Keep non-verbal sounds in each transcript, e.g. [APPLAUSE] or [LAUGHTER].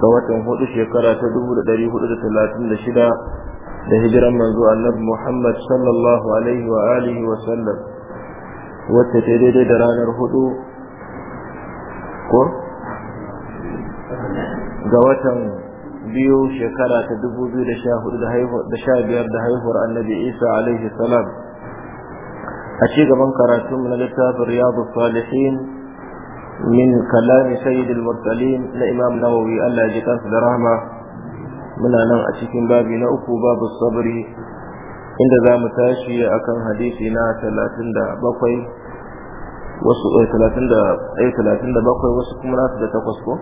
ga watan hudu shekara ta dubu da dari hudu da talatin da shida da hijiran manzo annabi Muhammad sallallahu alaihi wa alihi wa sallam wata ta daidai da ranar hudu ko ga watan biyu shekara ta dubu biyu da sha hudu da sha biyar da haihuwar annabi Isa alaihi salam a ci gaban karatunmu na littafin Riyadu Salihin من كلام سيد المرسلين لإمام نووي ألا جكاس درهما من أنا أشكين بابي نأكو باب الصبر عند ذا متاشي أكن حديثنا ثلاثين دا بقي wasu ɗaya talatin da ɗaya talatin da bakwai wasu kuma nasu da takwas ko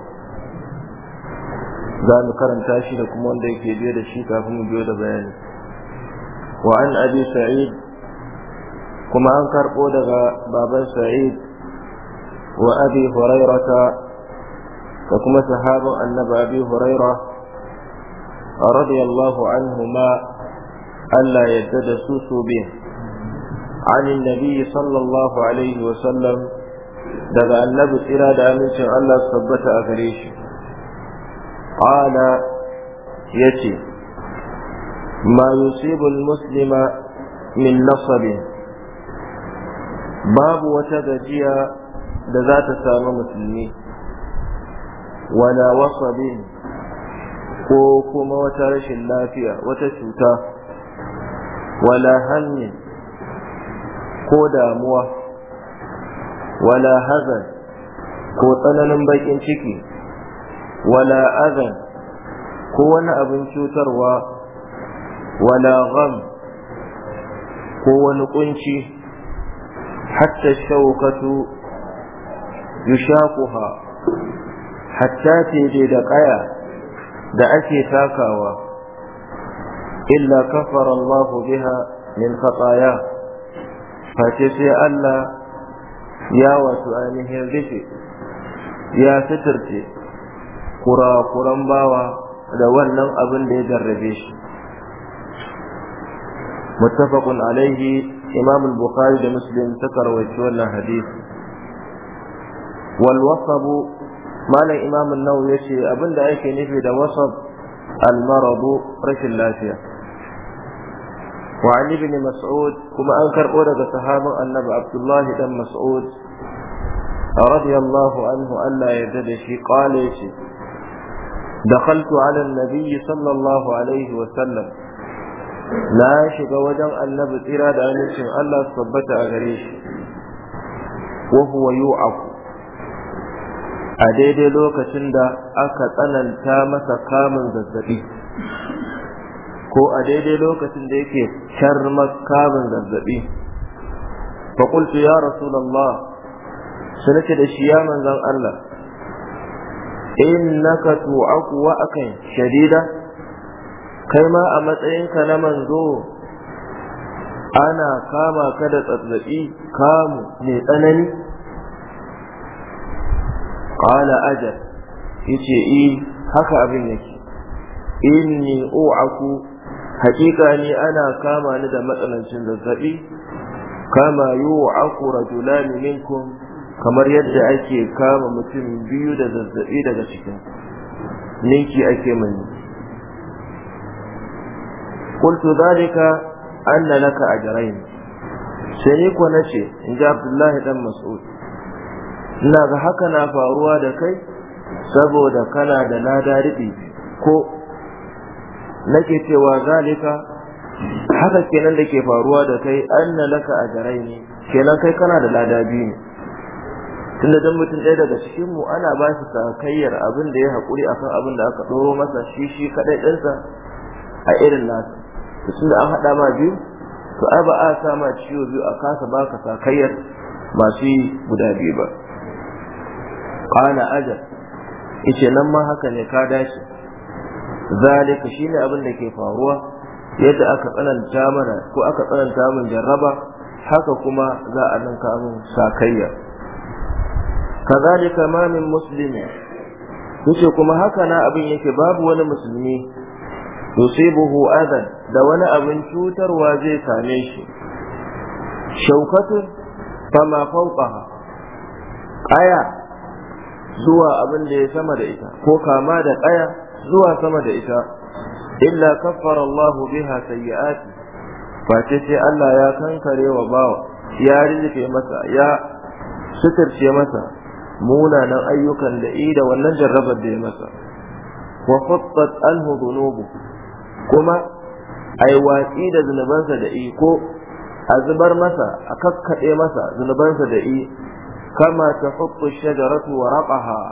za mu karanta shi da kuma wanda yake biye da shi kafin mu biyo da bayani wa an abi sa'id kuma an karɓo daga baban sa'id وأبي هريرة وكما صحاب النبى أبي هريرة رضي الله عنهما ألا يدد سوسو به عن النبي صلى الله عليه وسلم دغ النبي إلى دامنش ألا صبت أفريش قال يتي ما يصيب المسلم من نصب باب وتدجيه da za ta samu musulmi wala wasabin ko kuma wata rashin lafiya wata cuta wala hanyin ko damuwa wala hazan ko tsananin bakin ciki wala azan ko wani abin cutarwa wala gham ko wani kunci hatta shaukatu yushaquha hatta ce da kaya da ake takawa illa kafara Allah biha min khataya face sai Allah ya wato ainihin rufe ya suturce kurakuran bawa da wannan abin da ya jarrabe shi muttafaqun alaihi imam al-bukhari da muslim ta rawaito wannan wal malam imam an-nawawi yace abinda ake nufi da wasaf, al rashin lafiya wa an ibn mas'ud kuma an karɓo daga sahabin annabi abdullahi dan mas'ud radiyallahu anhu Allah ya shi دخلت على النبي صلى الله عليه وسلم na shiga wajen annabi tsira da amincin Allah su tabbata a gare shi a daidai lokacin da aka tsananta masa kamun zazzabi ko a daidai lokacin da yake sharmar kamun zazzabi faƙultu ya rasulallah su nake da shi ya manzan Allah innaka tu'aku wa akan shadida kai ma a matsayinka na manzo ana kama ka da tsatsaƙi kamu mai tsanani ajar, ajal yace i eh, haka abin yake inni aku hakika ni ana kama ni da matsanancin zazzabi kama yu'aku rajulan minkum kamar yadda ake kama mutum biyu da zazzabi daga cikin ninki ake mani qultu dhalika a laka ajrayn sai ko nace in ji Abdullahi ɗan Mas'ud ina ga haka na faruwa da kai saboda kana da lada riɓi ko nake cewa zalika haka kenan da ke faruwa da kai anna laka ajarai ne kenan kai kana da lada biyu ne tunda dan mutum ɗaya daga cikin mu ana ba shi sakayyar abin da ya haƙuri akan abin da aka ɗoro masa shi shi kaɗai ɗinsa a irin nasa to tunda an haɗa ma biyu to ai ba a sa ma ciwo biyu a kasa baka sakayyar masu yi guda biyu ba kana ajal yace nan ma haka ne ka dace zalika shine abin da ke faruwa yadda aka tsananta mana ko aka tsananta min jarraba haka kuma za a ninka min sakayya kazalika ma min muslimi yace kuma haka na abin yake babu wani musulmi yusibuhu adan da wani abin cutarwa zai same shi shaukatun fama fawqaha aya zuwa abin da ya sama da ita ko kama da ƙaya zuwa sama da ita illa kaffara Allahu biha sayyi'ati face sai Allah ya kankare wa bawa ya rizike masa ya suturce masa munanan ayyukan da i da wannan jarrabar da ya masa wa fattat anhu dhunubu kuma ai watsi da zunubansa da ko a zubar masa a kakkaɗe masa zunubansa da kama ta hukku shajaratu wa rabaha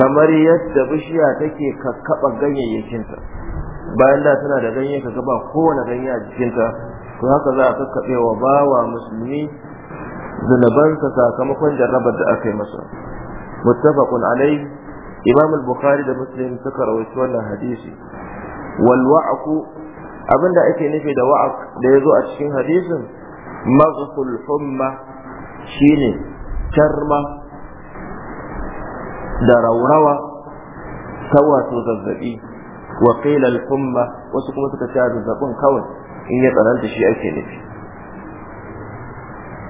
kamar yadda bishiya take kakkaɓa ganyayyakinta bayan da tana da ganye ka gaba kowane ganye a jikinta to haka za a kakkaɓe wa bawa musulmi zunubansa sakamakon jarrabar da aka yi masa alai imam al-bukhari da muslim suka rawaito wannan hadisi abinda ake nufi da wa'ak da zo a cikin hadisin maghful humma shine jarma da raurawa ta wato zazzabi wa qila humma wasu kuma suka ce zazzabin kawai in ya tsananta shi ake nufi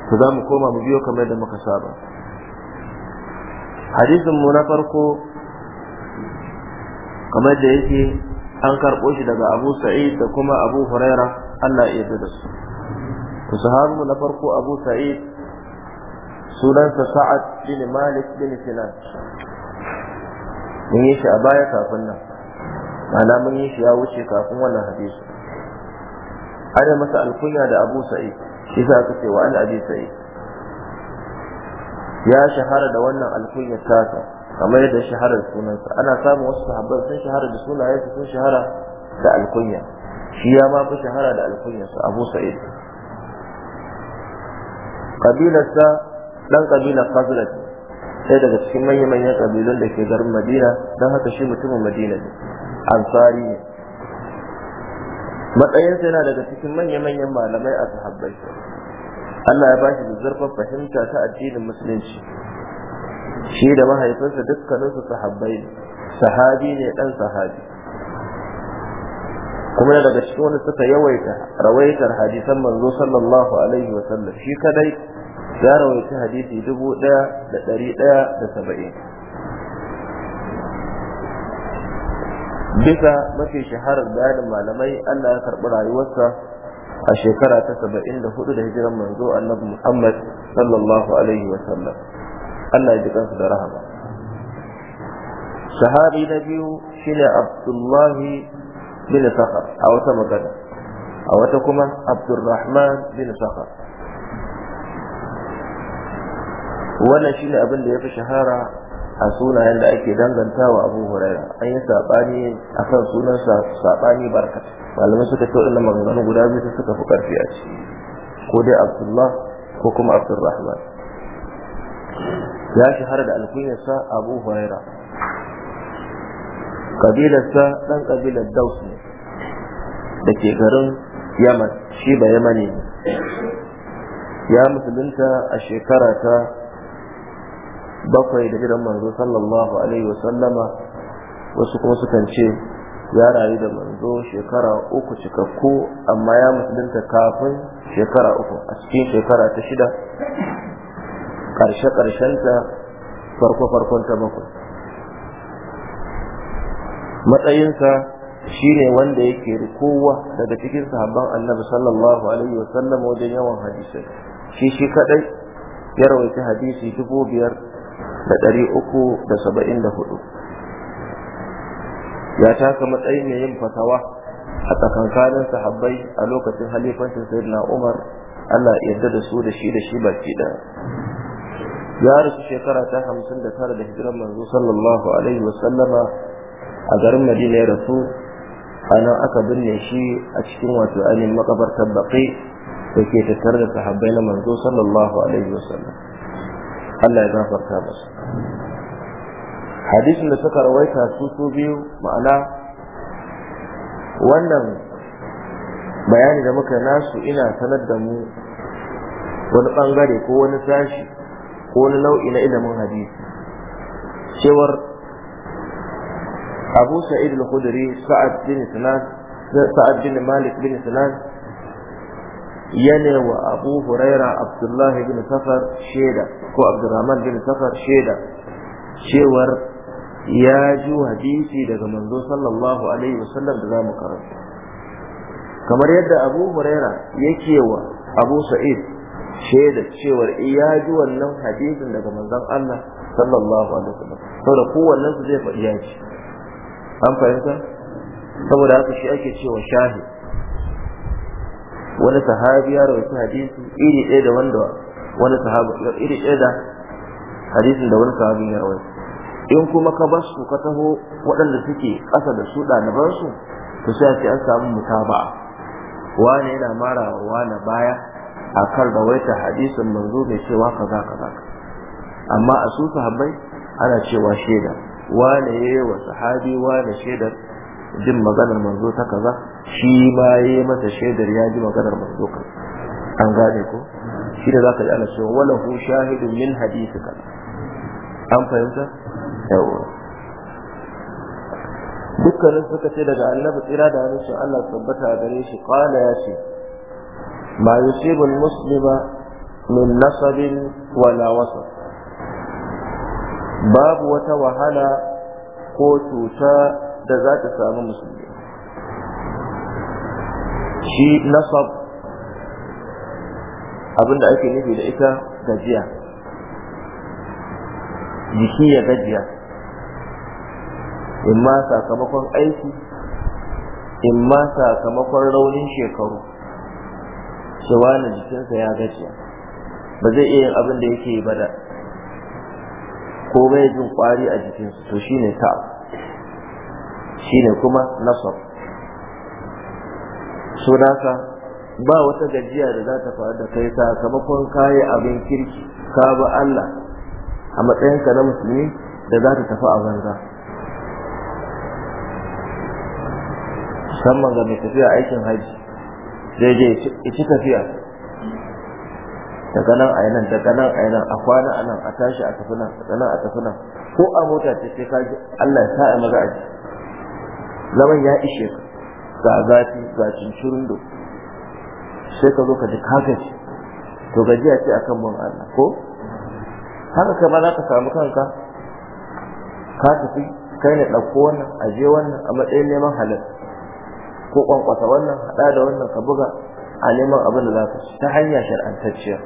to za mu koma mu biyo kamar yadda muka saba hadisin mu na farko kamar da yake an karɓo shi daga abu sa'id da kuma abu huraira allah ya yarda da su to sahabu na farko abu sa'id sunansa sa'ad bin malik bin sinan mun yi shi a baya kafin nan ma'ana mun yi shi ya wuce kafin wannan hadisi ana masa alkunya da abu sa'id shi sa aka ce wa an abi sa'id ya shahara da wannan alkunya tasa kamar yadda shaharar sunansa ana samun wasu sahabbai sun shahara da sunayensa sun shahara da alkunya shi ya ma fi shahara da alkunyarsa abu sa'id kabilarsa dan kabilar khazraj sai daga cikin manya-manyan kabilun da ke garin madina don haka shi mutumin madina ne ansari ne matsayinsa yana daga cikin manya-manyan malamai a sahabbai Allah ya ba shi zurfin fahimta ta addinin musulunci shi da mahaifinsa dukkaninsu sahabbai sahabi ne dan sahabi kuma daga cikin wani suka yawaita rawaitar hadisan manzo sallallahu alaihi wa sallam shi kadai ya rawaita hadisi dubu ɗaya da ɗari ɗaya da saba'in bisa mafi shaharar bayanin malamai Allah ya karɓi rayuwarsa a shekara ta saba'in da hudu da hijiran manzo annabi Muhammad sallallahu alaihi wa sallam Allah ya ji kansu da rahama sahabi na biyu shine Abdullahi bin Sakhar a wata magana a wata kuma Abdurrahman bin Sakhar wannan shi ne abin da ya fi shahara a sunayen da ake dangantawa abu huraira an yi saɓani a kan sunan saɓani barka malamai suka ce waɗannan maganganu guda biyu su suka fi ƙarfi a ciki ko dai abdullah ko kuma Abdullahi. ya shahara da alkunyarsa abu huraira kabilarsa ɗan kabilar daus ne da ke garin yaman shi ba yamani ne ya musulunta a shekara ta bakwai da gidan manzo sallallahu alaihi wa sallama wasu kuma sukan ce ya rayu da manzo shekara uku cikakku amma ya musulunta kafin shekara uku a cikin shekara ta shida ƙarshe ta farko farkon ta bakwai matsayinsa shine wanda yake rikowa daga cikin sahabban annabi sallallahu alaihi wa sallam wajen yawan hadisai shi shi kadai ya rawaita hadisi dubu biyar da ɗari uku da saba'in da hudu ya taka matsayin mai yin fatawa a tsakankanin sahabbai a lokacin halifancin sayyidina umar allah yarda da su da shi da shi baki ɗaya ya rasu shekara ta hamsin da tara da hijiran manzo sallallahu alaihi wasallama a garin madina ya rasu a nan aka binne shi a cikin wato ainihin makabartar baƙi da ke tattare da sahabbai na manzo sallallahu alaihi wasallam Allah ya gafarta musu hadisin da suka rawaita su su biyu ma'ana wannan bayani da muka nasu ina sanar da mu wani bangare ko wani sashi ko wani nau'i na ilimin hadisi cewar abu sa'id al-khudri sa'ad bin sa'ad bin malik bin sinan yana wa abu huraira abdullahi bin safar sheda ko abdurrahman bin safar sheda cewar ya ji hadisi daga manzo sallallahu alaihi wasallam da zamu karanta kamar yadda abu huraira yake wa abu sa'id sheda cewar ya ji wannan hadisin daga manzon Allah sallallahu alaihi wasallam saboda kowannen su zai faɗi ya ji an fahimta saboda haka shi ake cewa shahid wani sahabi ya rawaita hadisi iri ɗaya da wanda wani sahabi iri ɗaya da hadisin da wani sahabi ya rawaita in kuma ka bar su ka taho waɗanda suke ƙasa da su ɗaliban su to sai ce an samu mutaba'a wane yana mara wane baya a kan rawaita hadisin manzo mai cewa za ka amma a su sahabbai ana cewa shaida wane yayi wa sahabi wane shaidar jin maganar manzo ta kaza shi ma yayi masa shaidar ya ji maganar manzo ka an gane ko shi da zaka ji ana cewa wala hu shahidun min hadithika an fahimta yawa dukkanin suka ce daga annabi tsira da hannun Allah tabbata gare shi qala ya ce ma yusibu muslima min nasabin wala wasab babu wata wahala ko cuta da za ta samu musulmi shi nasab abinda ake nufi da ita gajiya jiki ya gajiya in ma sakamakon aiki in ma sakamakon raunin shekaru cewa na jikinsa ya gajiya ba zai iya yin abin da yake ba da ko bai jin kwari a jikinsa to shi ne ta shine kuma nasab sunaka ba wata gajiya da za ta faru da kai sakamakon kayi abin kirki ka ba Allah a matsayinka na musulmi da za ta tafi a banza musamman ga mai tafiya aikin haji zai je ci tafiya daga nan a nan daga nan a nan a kwana a nan a tashi a tafi nan daga nan a tafi nan ko a mota ce sai ka ji Allah ya sa a maza a ji zaman ya ishe ka ga zafi ga cincirin da sai ka zo ka ji kagaji to gajiya ce kan bin Allah ko haka kai ma za ka samu kanka ka tafi kai ne ɗauko wannan aje wannan a matsayin neman halal ko kwankwasa wannan haɗa da wannan ka buga a neman abin da za ka ci ta hanya shar'antacciya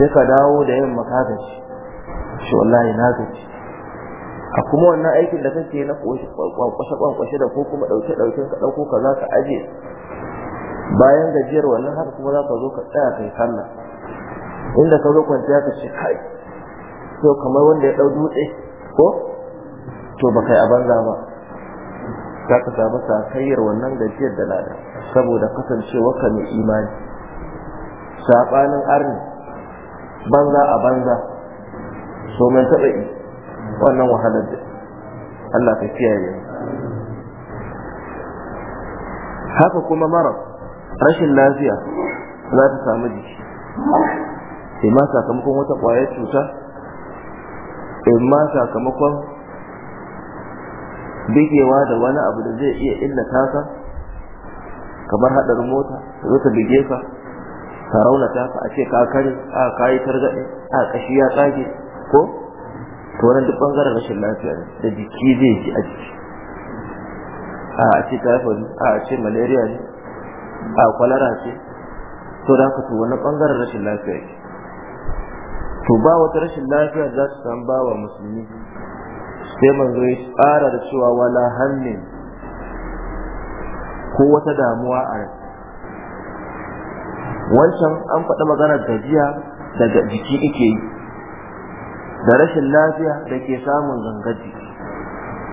sai ka dawo da yin ka shi wallahi na gaji a kuma wannan aikin da kake na kwakwashe kwakwashe da ko kuma dauke dauke ka dauko ka za ka aje bayan gajiyar wannan haka kuma za ka zo ka tsaya kai sallah inda ka zo kwanciya ka ce kai to kamar wanda ya dau dutse ko to ba kai a banza ba za ka samu sakayyar wannan gajiyar da lada saboda kasancewa ka mai imani sabanin arni banza a banza so mai taɓa wannan wahalar da Allah ta kiyaye haka kuma mara rashin lafiya za ta samu jiki In ma sakamakon wata kwayar cuta in ma sakamakon bigewa da wani abu da zai iya illata ka kamar haɗarin mota da zata bige ka ka raunata ka a ce ka kare a kayi targaɗe a ƙashi ya tsage ko to wannan duk bangaren rashin lafiya ne da jiki zai ji a jiki a a ce typhoid a a ce malaria ne a kwalara ce to da ka to wannan bangaren rashin lafiya ne to ba wata rashin lafiya za ta ba wa musulmi sai manzo ya tsara da cewa wala hannun ko wata damuwa a rai wancan an faɗi maganar gajiya daga jiki ike yi da rashin lafiya da ke samun zangaji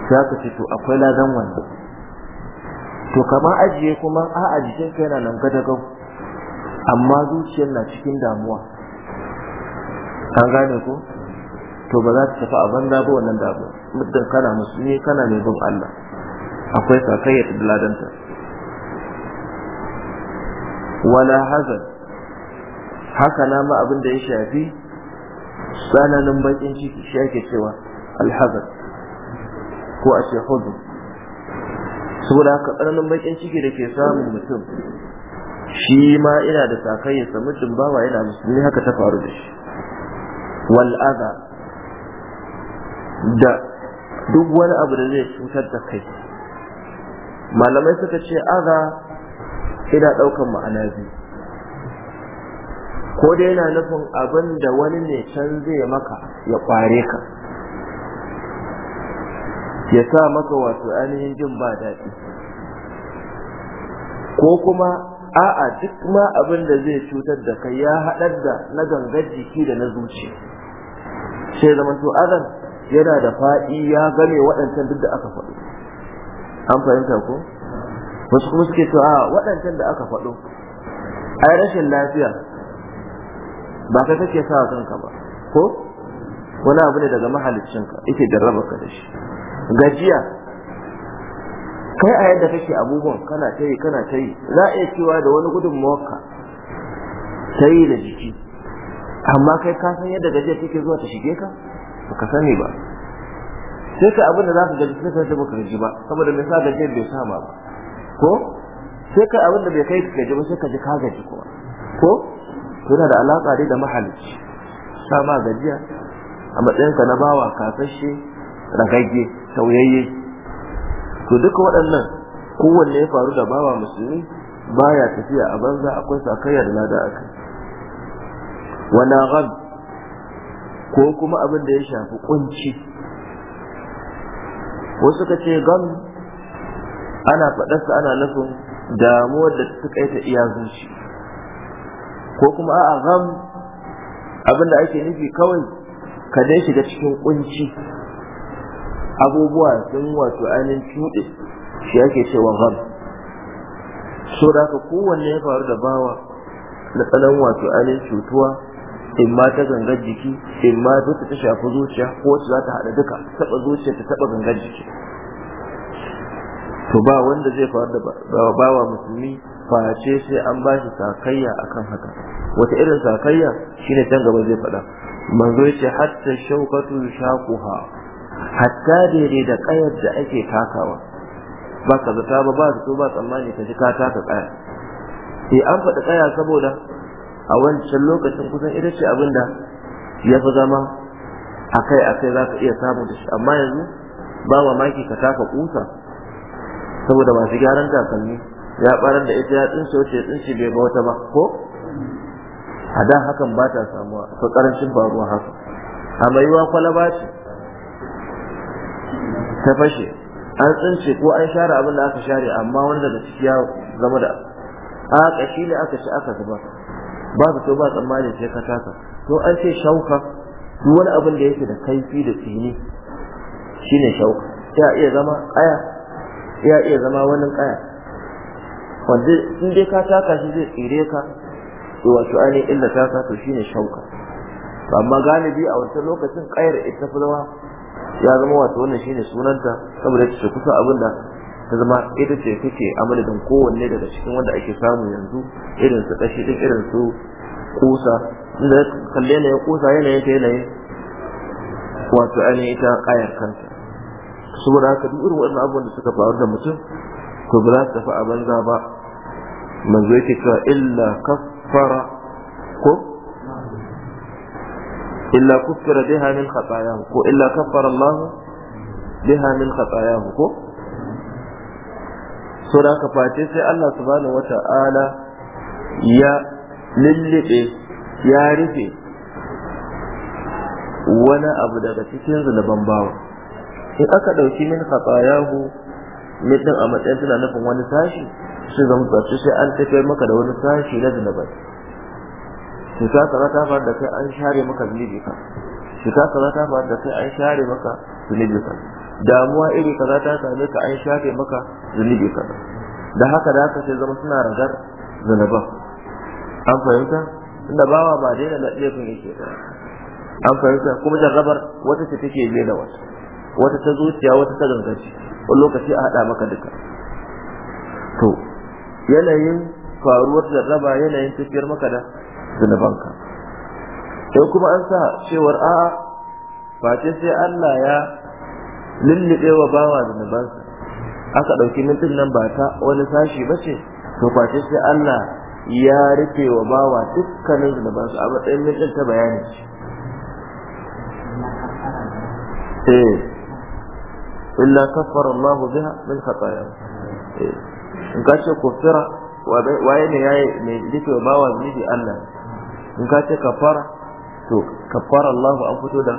za ka ce to akwai ladan wannan to kama ajiye kuma a'a ka yana nan gadagau amma zuciyar na cikin damuwa an gane ko to ba za ta tafi a banza ba wannan damuwa muddin kana musulmi kana mai bin Allah akwai sakayya da ladanta wala hazan haka na ma abin da ya shafi nan bakin ciki shi ake cewa alhazar ko a ce hudu saboda haka tsananin bakin ciki da ke samun mutum shi ma ina da sakayyarsa mutum bawa yana musulmi haka ta faru da shi wal'aza da duk wani abu da zai cutar da kai malamai suka ce aza ina ɗaukan ma'ana biyu ko dai yana nufin abin da wani ne can zai maka ya kware ka ya sa maka wato ainihin jin ba daɗi ko kuma a'a duk ma abin da zai cutar da kai ya haɗar da na gangar jiki da na zuci sai zama to adam yana da fa'i ya game waɗancan duk da aka faɗo an fahimta ko wasu kuma suke to a waɗancan da aka faɗo ai rashin lafiya ba ka kake sa kanka ba ko wani abu ne daga mahaliccinka yake jarraba ka da shi gajiya kai a yadda kake abubuwan kana ta yi kana ta yi za a iya cewa da wani gudunmawarka ta yi da jiki amma kai ka san yadda gajiya take zuwa ta shige ka ba ka sani ba sai ka abin da za ka gaji sai ka ka gaji ba saboda mai sa gajiyar bai sama ba ko sai ka abin da bai kai ka gaji ba sai ka ji ka gaji kuma ko yana da alaka dai da mahalicci sa ma gajiya a matsayinka na bawa kasashe ragagge sauyayye to duka waɗannan kowanne ya faru da bawa musulmi baya tafiya a banza akwai sakayya da lada a kai wana ghab ko kuma abin da ya shafi kunci wasu ka ce ana faɗarsa ana nufin damuwar da ta kai ta iya zuci ko kuma a'a gham abinda ake nufi kawai ka dai shiga cikin kunci abubuwa sun wato ainihin cuɗe shi ake cewa gham so da ka kowanne ya faru da bawa na tsanan wato ainihin cutuwa in ma ta gangar jiki in ma wata ta shafi zuciya ko wacce za ta haɗa duka taɓa zuciya ta taɓa gangar jiki to ba wanda zai faru da bawa musulmi face sai an ba shi sakayya akan haka wata irin sakayya shine can gaba zai faɗa manzo ce hatta shaukatu shaquha hatta dai da kayar da ake takawa ba ka zata ba ba so ba tsammani ka ji ka taka kaya sai eh, an faɗi kaya saboda a wancan lokacin kusan ita ce abin da ya fi zama akai akai za ka iya samu da shi amma yanzu ba mamaki ka taka kusa saboda masu gyaran takalmi ya barar da ita ya tsince wace tsince bai ba wata ba ko a da hakan ba ta samuwa ko karancin faruwa haka a yiwa kwalaba ce ta fashe an tsince ko an share abin da aka share amma wani daga ciki ya zama da a kashi ne aka ci aka zuba ba to ba tsammani sai ka taka to an ce shauka duk wani abin da yake da kaifi da tsini shine shauka ya iya zama aya ya iya zama wani kaya wanda in dai ka taka shi zai tsire ka to wato ainihin illa taka to shine shauka amma galibi a wancan lokacin kayar ita fulawa ya zama wato wannan shine sunanta saboda ta ce kusa abin da ta zama ita ce take don kowanne daga cikin wanda ake samu yanzu irin su kashi din irin su kusa inda kalle ya kusa yanayin ta yanayin wato ainihin ita kayar kanta saboda haka duk irin waɗannan abubuwan da suka faru da mutum Ko ba za su tafi a banza ba manzo yake cewa illa kaffara ko illa kuffira biha min khatayahu ko illa kaffara Allah biha min khatayahu ko so da ka face sai Allah subhanahu wata'ala ya lillibe ya rufe wani abu daga cikin zunuban bawa in aka ɗauki min khatayahu ne din a matsayin tana nufin wani sashi su zama tsarci sai an tafiyar maka da wani sashi na zinabai cuta kaza ta faru da kai an share maka zunubi ka cuta kaza ta faru da kai an share maka zunubi ka damuwa iri kaza ta same ka an share maka zunubi ka da haka da haka sai zama suna ragar zunuban an fahimta inda bawa ba daina da laifin yake an fahimta kuma jarrabar wata ce take yi da wata wata ta zuciya wata ta gangaci wani lokaci a haɗa maka duka to yanayin faruwar jarraba yanayin tafiyar maka da zunubanka sai kuma an sa cewar a'a face sai Allah ya lullube wa bawa zunubansa aka ɗauki mintin nan ba ta wani sashi ba ce to face sai Allah ya rufe wa bawa dukkanin zunubansa a matsayin mintin ta bayani ce إلا كفر الله بها من خطاياه in ka ce kufira waye ne yayi mai dike wa zunubi Allah in ka ce kafara to kafara Allah an fito da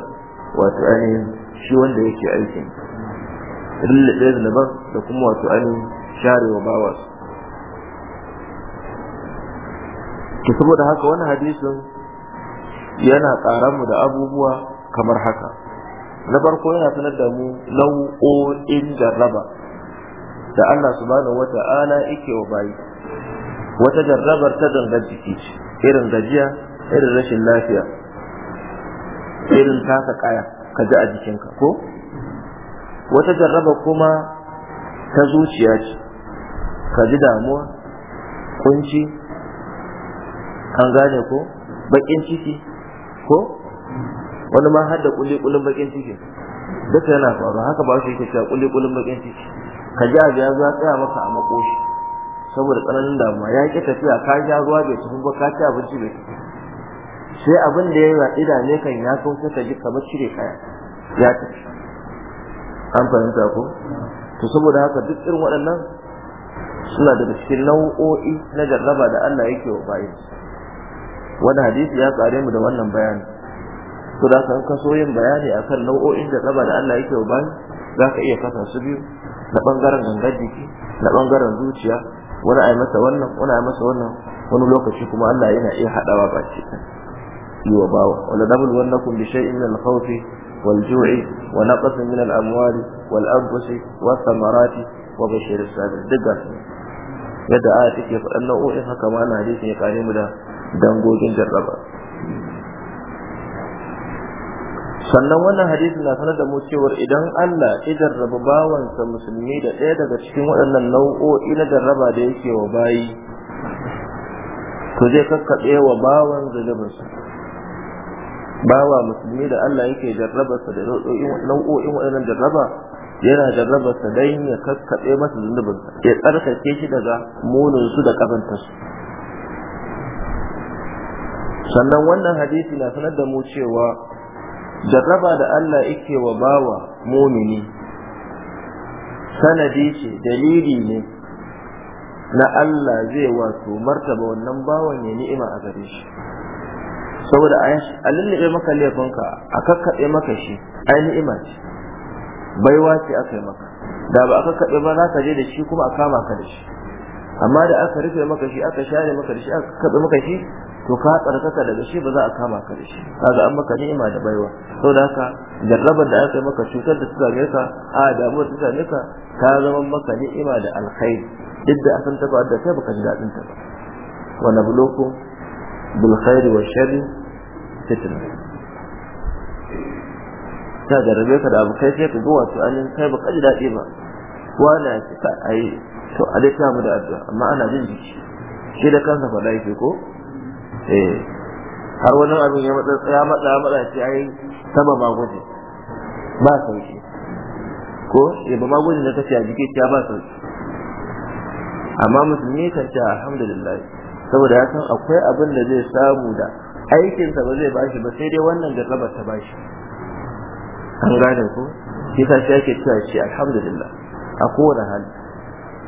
wato ainihin shi wanda yake aikin rulle da ba da kuma wato share sharewa bawa saboda haka wannan hadisin yana ƙara mu da abubuwa kamar haka na farko yana sanar da mu nau'o'in jarraba da Allah subhanahu wata'ala yake wa bayi wata jarrabar ta dangar jiki irin gajiya irin rashin lafiya irin taka kaya ka ji a jikinka ko wata jarraba kuma ta zuciya ce ka ji damuwa kunci an gane ko bakin ciki ko wani ma har da kulikulin bakin ciki duka yana faru haka ba shi yake cewa kulikulin bakin ciki ka ja abu ya za tsaya maka a makoshi saboda tsananin damuwa ya ƙi tafiya ka ja ruwa bai tafi ba ka ci abinci bai tafi sai abin da ya yi idane kan ya so sai ka ji kamar cire kaya ya tafi an fahimta ko to saboda haka duk irin waɗannan suna daga cikin nau'o'i na jarraba da Allah yake wa bayin wani hadisi ya kare mu da wannan bayani to da kan kaso yin bayani akan nau'o'in jarraba da Allah yake wa bayin za ka iya kasa su biyu na ɓangaren gangar jiki na ɓangaren zuciya wani a masa wannan wani a masa wannan wani lokaci kuma Allah yana iya haɗawa baki yi wa bawa wala nabul wannakum bi shay'in min na khawfi wal ju'i wa naqsin min al wal anfusi was samarati wa bashir as-sabir duka yadda aya take faɗan nau'o'in haka ma na hadisi ya kare mu da dangogin jarraba sannan wannan hadisi na sanar da mu cewar idan Allah ya jarraba bawansa musulmi da ɗaya daga cikin waɗannan nau'o'i na jarraba da yake wa bayi to zai kakkaɓe wa bawan zunubinsa bawa musulmi da Allah yake jarrabarsa da nau'o'in waɗannan jarraba yana jarrabarsa don ya kakkaɓe masa zunubinsa ya tsarkake shi daga su da su sannan wannan hadisi na sanar da mu cewa jarraba da Allah yake wa bawa mumini sanadi ce dalili ne na Allah zai wato martaba wannan bawan ya ni'ima a gare shi saboda a lullube maka laifinka a kakkaɓe maka shi ai ni'ima ce baiwa ce aka yi maka da ba a kakkaɓe ba za ka je da shi kuma a kama ka da shi amma da aka rufe maka shi aka share maka da shi aka kaɓe maka shi to ka tsarkaka daga shi ba za a kama ka da shi kaga an maka ni'ima da baiwa saboda haka jarrabar da aka yi maka cutar da ta same ka a damuwar ta same ka ta zama maka ni'ima da alkhairi duk da asan taba da kai baka ji daɗin ta ba wa nabluku bil khairi wa sharri fitna ta jarrabe ka da abu kai sai ka ga wato an kai baka ji daɗi ba wani ya ce ka ayi to a dai mu da addu'a amma ana jin jiki shi da kansa faɗa yake ko eh har wani abin ya matsa ya matsa matsa ce ai sama ba gwaje ba sauki ko ya ba ma da kace a jiki ya ba sauki amma musulmi kan ce alhamdulillah saboda ya san akwai abin da zai samu da aikinsa ba zai bashi ba sai dai wannan da ta bashi an gane ko shi sa shi ake cewa shi alhamdulillah a kowane hali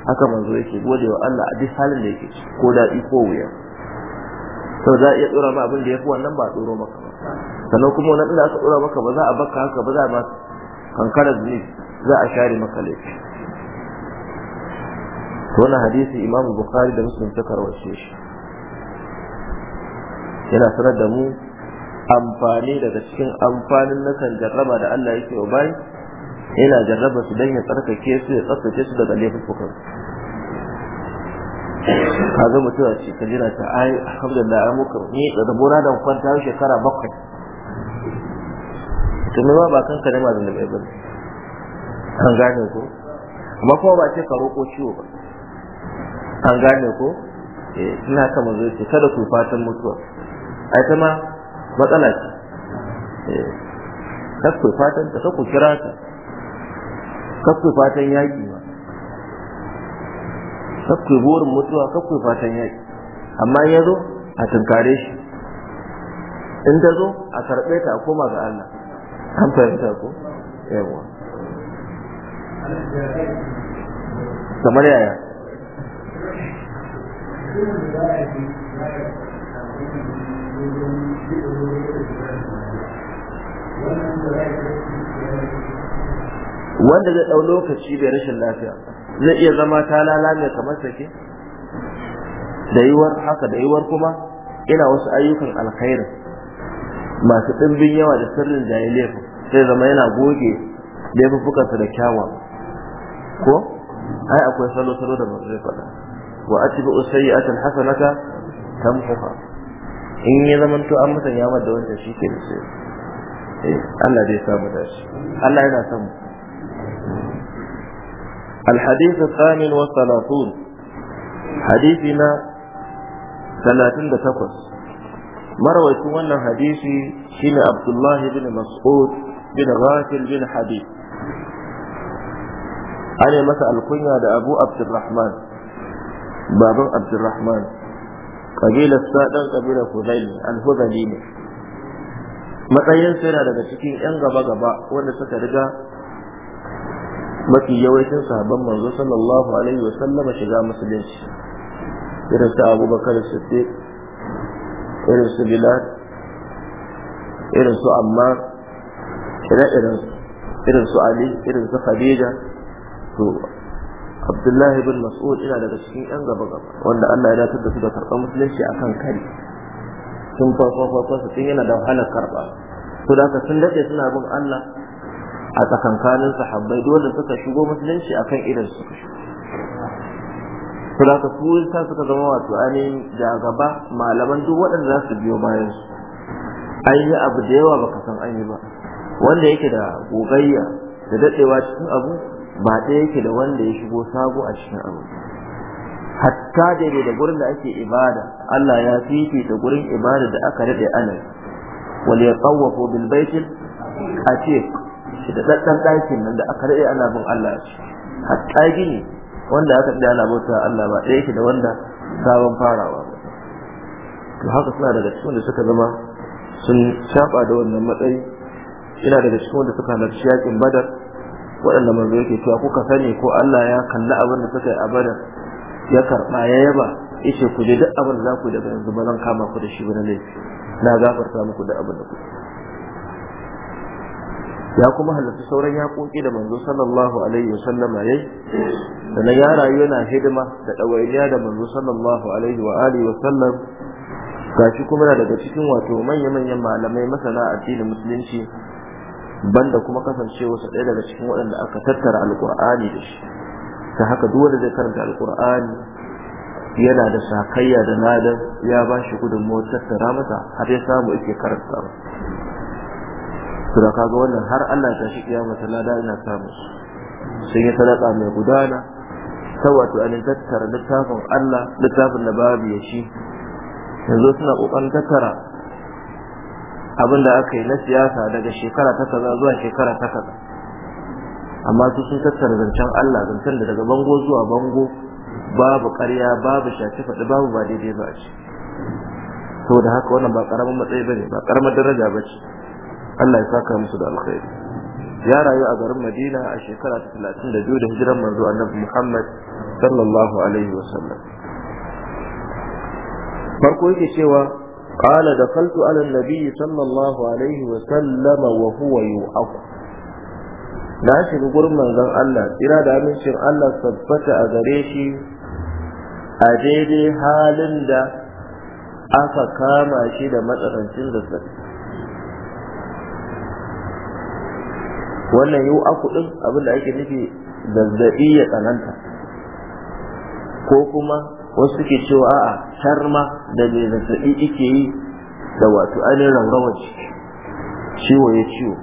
haka manzo yake gode wa Allah a duk halin da yake ko daɗi ko wuya to za a iya tsora ma abin da ya fi wannan ba a tsoro maka ba sannan kuma wannan da aka tsora maka ba za a baka haka ba za a ma kankara ne za a share maka laifi to wannan hadisi Imam Bukhari da Muslim ta karwace shi yana sanar da mu amfani daga cikin amfanin nakan jarraba da Allah yake wa bai yana jarraba su dan ya tsarkake su ya tsaftace su daga laifukan ka ga mutuwa ce ka jira ta ai alhamdulillah an muka ni da dabora da kwanta shekara bakwai to ne ba kan kare ma zanda bai bane an gane ko amma kuma ba ce ka roƙo ciwo ba an gane ko eh ina ka mazo ce kada ku fatan mutuwa ai ta ma matsala ce eh kada ku fatan ta ku kira ta kakwai fatan yaƙi ba kakwai burin mutuwa kakwai fatan yaƙi amma ya zo a tunkare shi in ta zo a karɓe ta koma ga Allah an fahimta ko yawa kamar yaya Thank you. wanda zai ɗau lokaci bai rashin lafiya zai iya zama ta lalame kamar take da yiwuwar haka da yiwuwar kuma ina wasu ayyukan alkhairin masu ɗimbin yawa da sirrin jahiliya laifin sai zama yana goge laifuffukansa da kyawa ko ai akwai salo salo da mutum zai faɗa wa atibu usayyatan hasanata tamhuha in ya zama to an musanya masa da wanda shi ke da sai eh, Allah zai samu dashi Allah yana son mu الحديث الثامن والثلاثون حديثنا ثلاثين دتقص مروي وانا حديثي شين عبد الله بن مسعود بن غافل بن حبيب أنا مسأل كنيا أبو عبد الرحمن بابا عبد الرحمن قبيلة سادة قبيلة خذيل الخذلي ne matsayinsa yana daga cikin 'yan gaba-gaba wanda suka riga mafi yawancin sahabban manzo sallallahu alaihi wa sallama shiga musulunci irin su abubakar siddiq irin su bilal irin su ammar ire-iren irin su ali irin su khadija to abdullahi bin mas'ud ina daga cikin yan gaba gaba wanda Allah ya datar da su da karɓar musulunci akan kari tun farko farko su tun yana da wahalar karɓa to da haka sun daɗe suna bin Allah a tsakankanin sahabbai dole suka shigo musulunci akan irin su su da su sa suka zama wato ainihin gaba malaman duk waɗanda za su biyo bayan su an yi abu da yawa baka san an yi ba wanda yake da gogayya da daɗewa cikin abu ba ɗaya yake da wanda ya shigo sabo a cikin abu hatta daidai da gurin da ake ibada Allah ya da gurin ibada da aka daɗe ana wal yatawafu bil a atiq shi da ɗan ɗakin nan da aka rade ana bin Allah shi hatta gini wanda aka tsaya ana bauta Allah ba ɗaya yake da wanda sabon farawa ba to haka suna daga cikin da suka zama sun shafa da wannan matsayi ina daga cikin wanda suka halarci yakin badar waɗanda manzo yake cewa kuka sani ko Allah ya kalla abin da suka yi a badar ya karɓa ya yaba yace ku je duk abin da za ku daga yanzu ba zan kama ku da shi ba na laifi na gafarta muku da abin da ku ya kuma halarci sauran yaƙoƙi da manzo sallallahu alaihi wasallam yayi sannan ya rayu yana hidima da ɗawainiya da manzo sallallahu alaihi wa alihi wasallam gashi kuma na daga cikin wato manya-manyan malamai masana addinin musulunci banda kuma kasancewa sa ɗaya daga cikin waɗanda aka tattara alƙur'ani da shi ta haka duk wanda zai karanta alƙur'ani yana da sakayya da ladan ya ba shi gudunmawar tattara masa har ya samu ake karanta to da kaga wannan har Allah ta shi kiyama ta lada ina samu sun yi sadaka mai gudana ta wato tattara littafin Allah littafin da babu ya shi yanzu suna kokarin tattara abin da aka yi na siyasa daga shekara ta kaza zuwa shekara ta kaza amma su sun tattara zancen Allah zancen da daga bango zuwa bango babu ƙarya babu shafi faɗi babu ba daidai ba ce, ce saboda haka wannan ba ƙaramin matsayi bane ba ƙaramin daraja ba ce Allah ya saka musu da alkhairi ya rayu a garin Madina a shekara ta 32 da hijiran manzo Annabi Muhammad sallallahu alaihi wa sallam. farko yake cewa qala dakhaltu ala an-nabi sallallahu alaihi wa wasallam wa huwa yu'aq na shiga gurin manzon Allah tsira da amincin Allah tabbata a gare shi a daidai halin da aka kama shi da matsarancin zazzabi wannan yi aku din abin da ake nufi zazzabi ya tsananta ko kuma wasu suke cewa a'a sharma da mai zazzabi ike yi da wato ainihin rangawar ciwo ya ciwo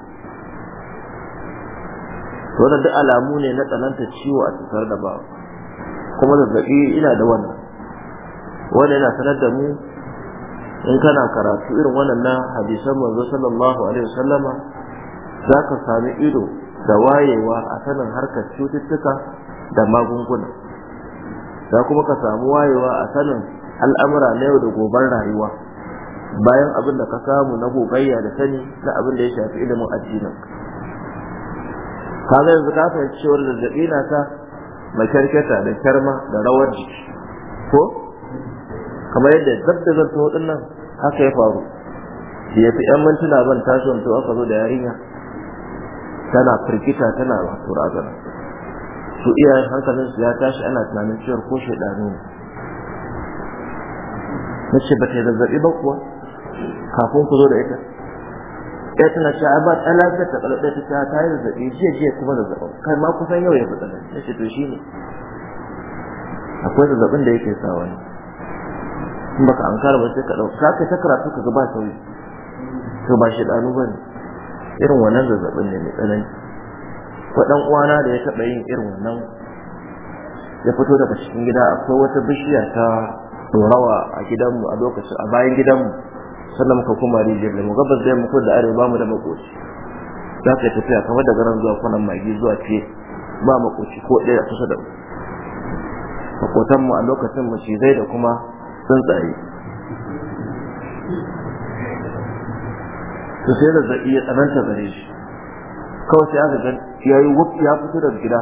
wannan duk alamu ne na tsananta ciwo a cikar da ba kuma zazzabi ina da wannan wanda yana sanar da mu in kana karatu irin wannan na hadisan manzo sallallahu alaihi wasallama za ka sami ido da wayewa a sanin harkar cututtuka da magunguna za kuma ka samu wayewa a sanin al'amura na yau da goben rayuwa bayan abin da ka samu na gogayya da sani na abin da ya shafi ilimin addinin ka yanzu ka fahimci cewar zazzaɓi na ta makyarkyata da kyarma da rawar jiki ko kamar yadda zab da zarto waɗannan haka ya faru ya fi yan mintuna ban tashi wanto aka zo da yarinya tana firgita tana wato gaba. su iyayen hankalin su ya tashi ana tunanin cewar ko shaidanu ne Na ce bata yi zazzabi ba kuwa kafin ku zo da ita ya tana ce a ba ta lafiyar ta kalɗa ta ta ah, ta yi zazzabi jiya jiya kuma zazzabin kai ma kusan yau ya fi tsanani ce to shi ne akwai zazzabin da yake sa wani in baka an kara ba sai ka ɗauka ka kai ta karatu ka ga ba sauyi to ba shaidanu ba ne irin wannan zazzabin ne mai tsanani ko dan uwana da ya taba yin irin wannan ya fito daga cikin gida akwai wata bishiya ta dorawa a gidanmu a lokacin a bayan gidanmu sannan muka kuma rijiyar da mu gabas da mu da arewa mu da makoci za ka tafiya kamar da garan zuwa kwanan magi zuwa fiye ba makoci ko ɗaya kusa da mu makotanmu a lokacin mu shi zai da kuma tsuntsaye to sai da zai iya tsananta gare shi kawai sai aka ga ya yi wuf ya fito daga gida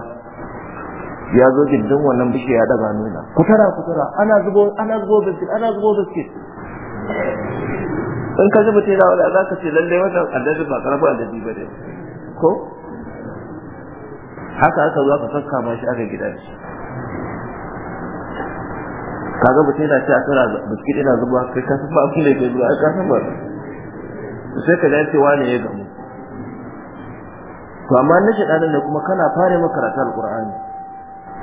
ya zo gindin wannan bishe ya daga nuna kutara kutara ana zubo ana zubo biskit ana zubo biskit in ka ji mutum yana wani za ka ce lallai wannan annabi ba karamin annabi ba ne ko haka aka ka aka ma shi aka gida shi kaga mutum yana ce a tura biskit ina zuba kai ka san ba abin da ke zuwa ka san ba sai ka dace wani ya gamu to amma na shaɗanin ne kuma kana fara maka karatu alqur'ani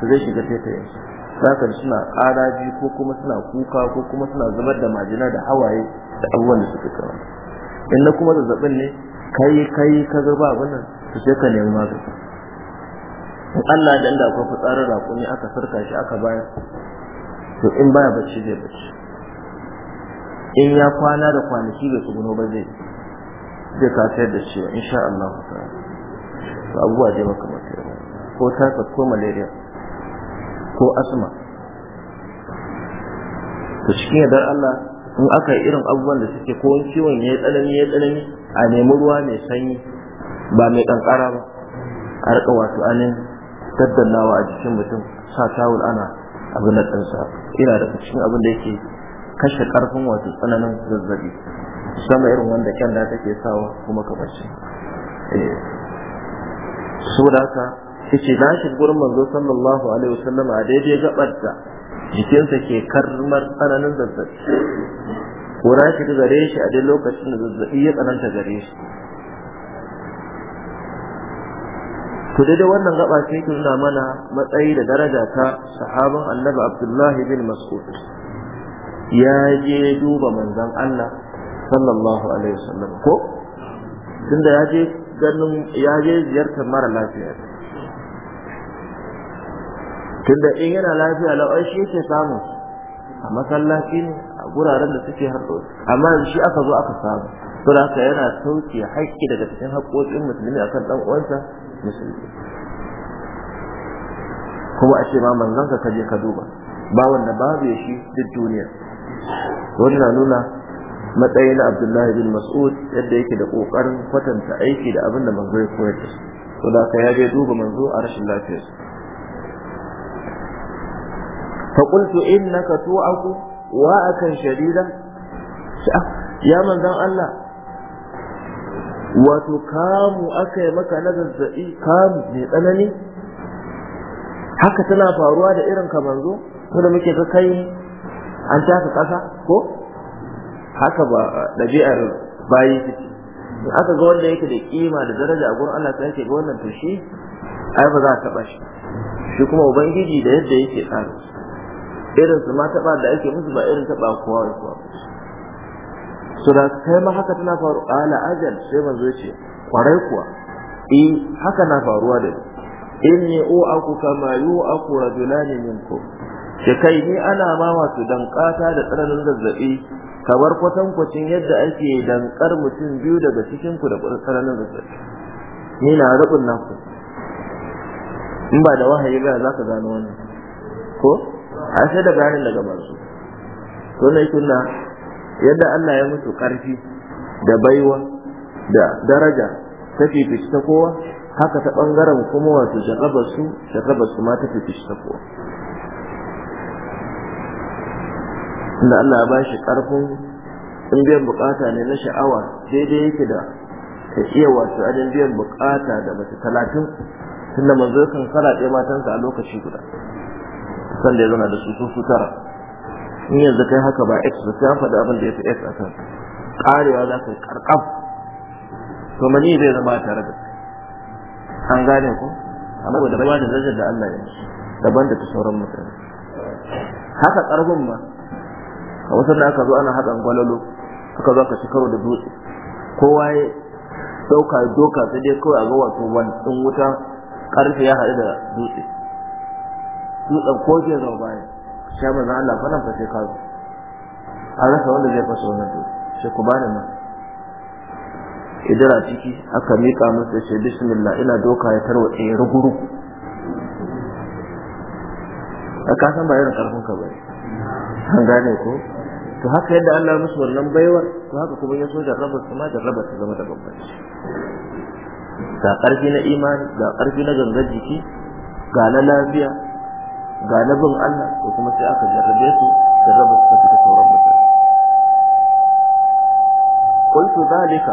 sai zai shiga sai ta saka suna ƙaraji ko kuma suna kuka ko kuma suna zubar da majina da hawaye da abubuwan da suka kawo in na kuma zazzabin ne kai kai ka zuba wannan to sai ka nemi magani in Allah da inda akwai fitsarin raƙumi aka sarka shi aka bayar to in baya bacci zai bacci in ya kwana da kwanaki bai tsuguno ba zai zai ka da cewa insha Allah ta'ala abuwa je maka makamantar ko typhoid ko malaria ko asma to cikin yadar Allah in aka yi irin abubuwan da suke ko ciwon ya yi tsanani ya tsanani a nemi ruwa mai sanyi ba mai kankara ba a rika wato anin daddannawa a jikin mutum sa tawul ana abin da tsansa ina daga cikin abin da yake kashe karfin wato tsananin zazzabi sama irin wanda kyanda take sawa kuma ka bace eh. da haka yace na shi gurin manzo sallallahu alaihi wasallam a daidai gabar da jikinsa ke karmar tsananin zazzabi kura shi da gare shi a dai lokacin da zazzabi ya tsananta gare shi to daidai wannan gaba sai ke nuna mana matsayi da daraja ta sahabin annabi abdullahi bin mas'ud ya je duba manzon Allah sallallahu alaihi wasallam ko tunda ya je ganin ya je ziyartar mara lafiya tunda in yana lafiya lau ai shi yake samu a masallaci ne a guraren da suke harɗo amma shi aka zo aka samu don yana sauke haƙƙi daga cikin haƙƙoƙin musulmi akan ɗan uwansa musulmi kuma a ce ma manzon ka kaje ka duba ba wanda babu ya shi duk duniya wannan nuna matsayin abdullahi bin mas'ud yadda yake da kokarin kwatanta aiki da abin da manzo ya koyar da su da ka ya duba manzo a rashin lafiya fa qultu innaka tu'aku wa akan sharida ah, ya manzon Allah wato kamu aka maka na zazzabi kamu mai tsanani haka tana faruwa da irin ka manzo ko da muke ga kai an taka kasa ko haka ba ɗabi'ar bayi take in aka ga wanda yake da kima da daraja a gurin Allah ta yake ga wannan tashi ai ba za a taba shi shi kuma ubangiji da yadda yake tsara irin su ma taba da ake musu ba irin taɓa kowa ba. kowa so da kai ma haka tana faru ala ajal sai zo ce kwarai kuwa eh haka na faruwa da ni o aku kama aku rajulani minkum ke kai ni ana ma wato dankata da tsananin zazzabi kamar kwatankwacin yadda ake dankar mutum biyu daga cikin ku da da zazzabi ni na rubun naku in ba da wahayi ba za ka gano wannan ko a sai da bayanin daga masu to ne kunna yadda Allah ya mutu ƙarfi da baiwa da daraja ta fifici ta kowa haka ta bangaren kuma wato jarabar su shakabar su ma ta fifici ta kowa da Allah ya bashi karfin in biyan bukata ne na sha'awa daidai yake da ta iya wato adin biyan bukata da mace talatin tunda manzo kan kara ɗaya matansa a lokaci guda san da ya da su su tara in yanzu kai haka ba x ba sai an faɗi abin da ya fi x a kan ƙarewa za ka yi ƙarƙaf to mani zai zama tare da an gane ku? amma da bayan da darajar da Allah ya daban da ta sauran mutane haka ƙarfin ma a wasan da aka zo ana haɗa gwalalo aka zo aka ci da dutse kowa ya ɗauka doka sai dai kawai a ga wato wancan wuta ƙarfe ya haɗu da dutse dutsen ko ke zama baya sha manzan Allah fa nan fa sai an rasa wanda zai fasa wannan dutse sai ku bani nan a ciki aka miƙa masa ce bismillah ina doka ya tarwatse ya ruguru a kasan ba irin ƙarfin ka bane an gane ko to haka yadda Allah musu wannan baiwar to haka kuma ya so jarrabar su ma jarrabar ta zama da babban ga ƙarfi na imani ga ƙarfi na gangar jiki ga na lafiya ga na bin Allah to kuma sai aka jarrabe su jarrabar su ta fita sauran mutane قلت ذلك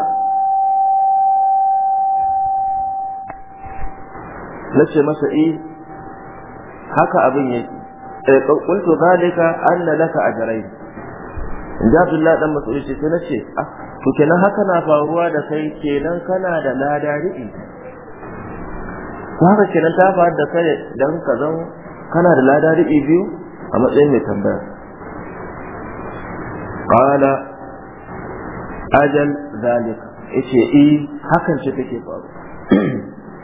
nace masa eh haka abin yake Eh, qultu zalika anna laka a inda Abdullah dan Mas'ud ce sai nace ah, to kenan haka na faruwa da kai kenan kana da lada ri'i kana da lada biyu a matsayin mai tambaya qala ajal zalika yace eh hakan ce take faru [CLEARS THROAT]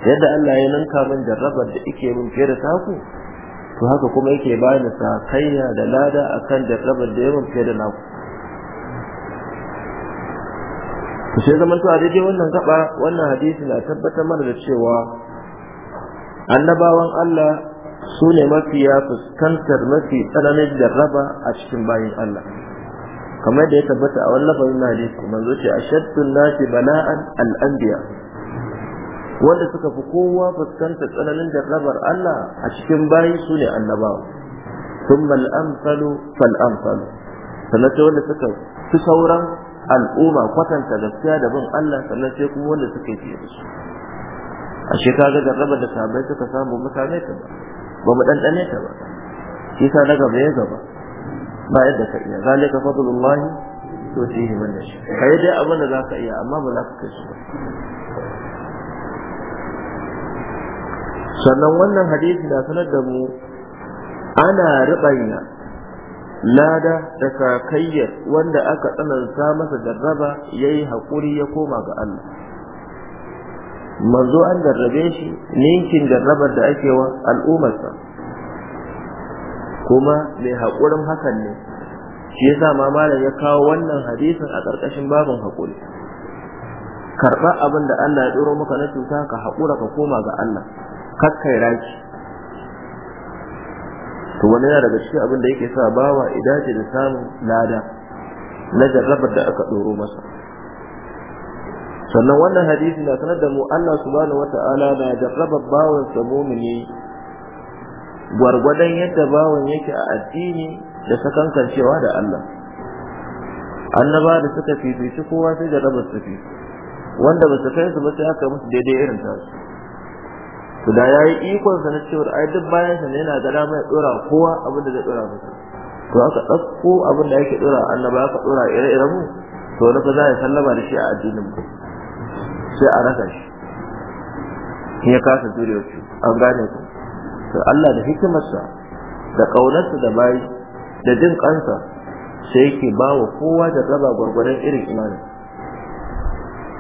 yadda Allah ya ninka min jarrabar da ike min fiye da taku to haka kuma yake ba sa sakayya da lada akan jarrabar da yawan fiye da naku to sai zaman to a daidai wannan gaba wannan hadisi na tabbatar mana da cewa annabawan Allah su ne mafiya fuskantar mafi tsananin jarraba a cikin bayin Allah kamar da ya tabbata a wannan lafazin hadisi manzo ce ashaddu nasi bala'an al-anbiya wanda suka fi kowa fuskantar tsananin jarrabar Allah a cikin bayi su ne annabawa sun mal'amsalu fal'amsalu sannan sai wanda suka fi sauran al'umma kwatanta gaskiya da bin Allah sannan sai kuma wanda suka yi da su a shekara jarrabar da sabai suka samu mutane ta ba ba mu ɗanɗane ta ba shi sa na gaba ya gaba ba yadda ka iya zalika fadlullahi to sai man yashi kai dai abin da ka iya amma ba za ka kai shi ba sannan wannan hadisi na sanar da mu ana riɓanya lada da kakayyar wanda aka tsananta masa jarraba ya yi haƙuri ya koma ga Allah manzo an jarrabe shi ninkin jarrabar da ake wa al'ummarsa kuma mai haƙurin hakan ne shi yasa ma malam ya kawo wannan hadisin a ƙarƙashin babin haƙuri karɓa abin da Allah ya tsoro maka na cuta ka haƙura ka koma ga Allah kakkai raki to wani yana daga cikin abin da yake sa bawa idaje da samun lada na jarrabar da aka ɗoro masa sannan wannan hadisi na sanar da mu Allah subhanahu wata'ala na jarrabar bawan sa mumini gwargwadon yadda bawan yake a addini da sakankancewa da Allah annaba da suka fifici kowa sai da rabar su wanda ba su kai su ba sai aka musu daidai irin tasu to da yayi ikon sa na cewa ai duk bayan sa ne yana da dama ya dora kowa abin da zai dora masa to aka dauko abin da yake dora annaba aka dora ire-iren mu to na fa za ya sallama da shi a addinin mu sai a rasa shi ya kasa jurewa shi an gane ku to Allah da hikimarsa da kaunarsa da bayi da jin kansa sai yake ba wa kowa jarraba gwargwaron irin imani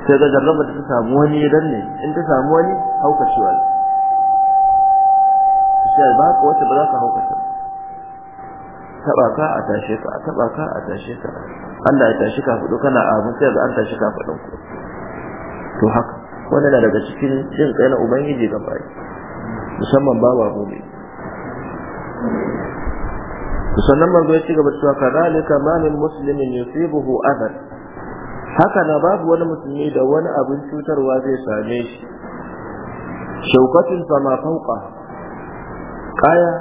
sai ga jarraba ta samu wani ya danne in ta samu wani haukacewa ne sai ba ka wata ba za ka hauka ta taba ka a tashe ka a taba ka a tashe ka Allah ya tashi ka fudu kana abin sai ga an tashi ka fudun ku to haka wannan na daga cikin jin kai na ubangiji ga bai musamman bawa gobe sannan manzo ya ci gaba cewa kadalika ma min muslimin yusibuhu adad haka na babu wani musulmi da wani abin cutarwa zai same shi shaukatin sama fauka kaya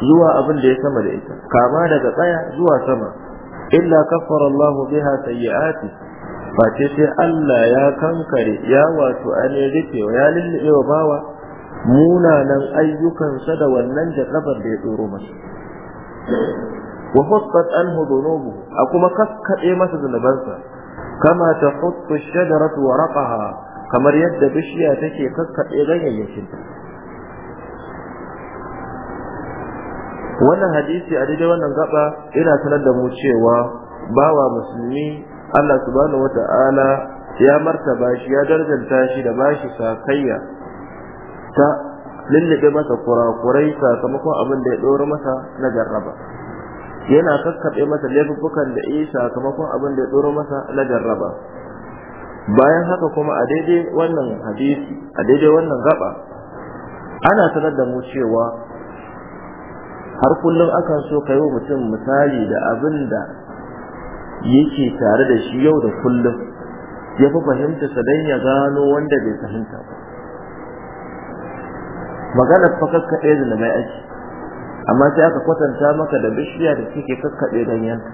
zuwa abin da ya sama da ita kama daga tsaya zuwa sama illa kaffara Allahu biha sayyi'ati face sai Allah ya kankare ya wato an rufe ya lulluɓe wa bawa munanan ayyukansa da wannan jakabar da ya tsoro masa wa husbat anhu dhunubu a kuma kaskade masa zunubansa kama ta ash-shajaratu wa raqaha kamar yadda bishiya take kaskade ganyayyakin ta wannan hadisi a daidai wannan gaba yana sanar da mu cewa bawa musulmi Allah subhanahu wata'ala ya martaba shi ya darjanta shi da bashi sakayya ta lullube masa kurakurai sakamakon abin da ya ɗora masa na jarraba yana kakkaɓe masa laifuffukan da yi sakamakon abin da ya ɗora masa na jarraba bayan haka kuma a daidai wannan hadisi a daidai wannan gaba ana sanar da mu cewa har kullum akan so ka yi wa mutum misali da abin da yake tare da shi yau da kullum ya fi fahimta sa don ya gano wanda bai fahimta ba magana fa kakkaɓe mai aiki, amma sai aka kwatanta maka da bishiya da take kakkaɓe yanka.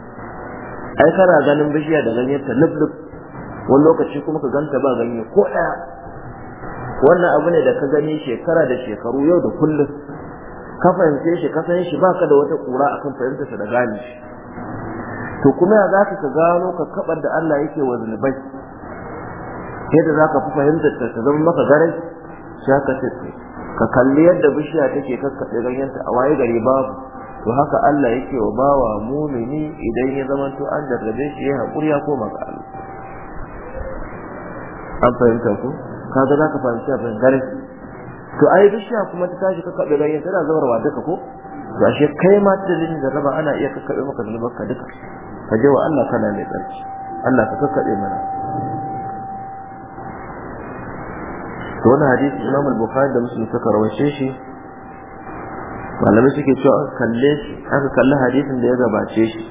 ai kana ganin bishiya da ganyenta lub-lub wani lokaci kuma ka ganta ba ganye ko ɗaya wannan abu ne da ka gani shekara da shekaru yau da kullum ka fahimce shi ka san shi baka da wata kura akan fahimtarsa da gane shi to kuma ya zaka ka gano ka kabar da Allah yake wa zunubai yadda zaka fi fahimtar ta ta zama maka garai sai ka tafi ka kalli yadda bishiya take kakkaɗe ganyenta a waye gari babu to haka Allah yake wa bawa mumini idan ya zama to an dargabe shi ya haƙuri ya koma ga Allah an fahimta ku za zaka fahimci abin garai to ai bishiya kuma ta tashi ka kabe ganyen tana zabarwa duka ko to ashe kai ma ta da raba ana iya kabe maka ka duka ka je wa Allah kana mai tsarki Allah ka kabe mana to wannan hadisi Imam al-Bukhari da Muslim suka rawace shi malamai suke cewa kalle aka kalli hadisin da ya gabace shi